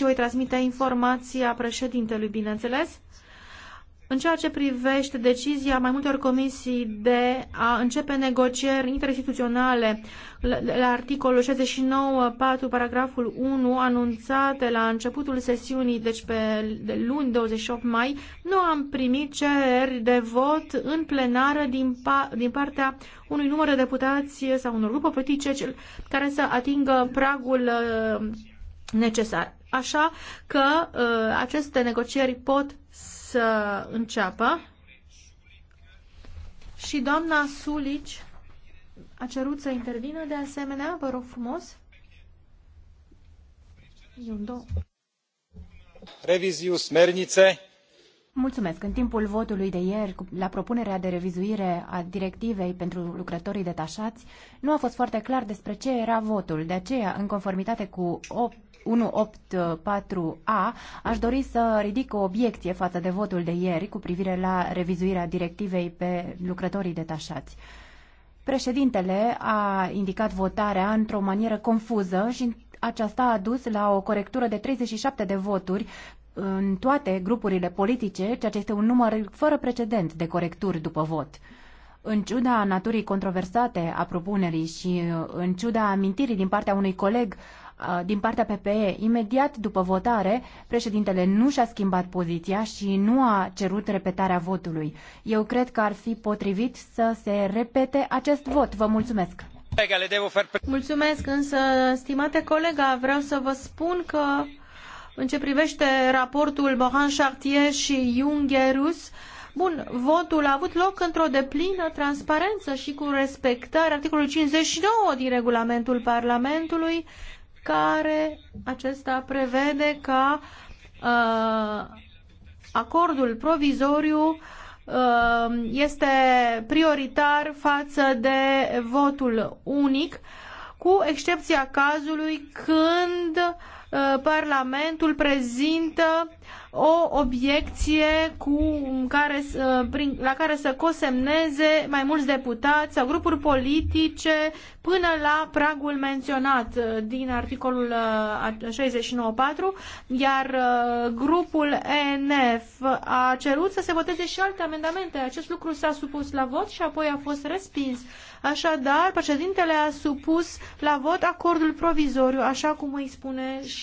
Și voi transmite informația președintelui, bineînțeles. În ceea ce privește decizia mai multor comisii de a începe negocieri interinstituționale la articolul 69.4, paragraful 1, anunțate la începutul sesiunii, deci pe de luni 28 mai, nu am primit cereri de vot în plenară din, pa, din partea unui număr de deputați sau unor grupă politice care să atingă pragul uh, necesar. Așa că uh, aceste negocieri pot să înceapă și doamna Sulici a cerut să intervină de asemenea, vă rog frumos. Reviziu smernice Mulțumesc. În timpul votului de ieri, la propunerea de revizuire a directivei pentru lucrătorii detașați, nu a fost foarte clar despre ce era votul. De aceea, în conformitate cu 8 184A, aș dori să ridic o obiecție față de votul de ieri cu privire la revizuirea directivei pe lucrătorii detașați. Președintele a indicat votarea într-o manieră confuză și aceasta a dus la o corectură de 37 de voturi în toate grupurile politice, ceea ce este un număr fără precedent de corecturi după vot. În ciuda naturii controversate a propunerii și uh, în ciuda amintirii din partea unui coleg uh, din partea PPE, imediat după votare, președintele nu și-a schimbat poziția și nu a cerut repetarea votului. Eu cred că ar fi potrivit să se repete acest vot. Vă mulțumesc! Mulțumesc, însă, stimate colega, vreau să vă spun că în ce privește raportul Morin-Chartier și Jungherus, Bun, votul a avut loc într-o deplină transparență și cu respectarea articolului 59 din regulamentul Parlamentului, care acesta prevede ca uh, acordul provizoriu uh, este prioritar față de votul unic, cu excepția cazului când uh, Uh, Parlamentul prezintă o obiecție cu care, uh, prin, la care să cosemneze mai mulți deputați sau grupuri politice până la pragul menționat uh, din articolul 69.4, iar grupul ENF a cerut să se voteze și alte amendamente. Acest lucru s-a supus la vot și apoi a fost respins. Așadar, președintele a supus la vot acordul provizoriu, așa cum îi spune și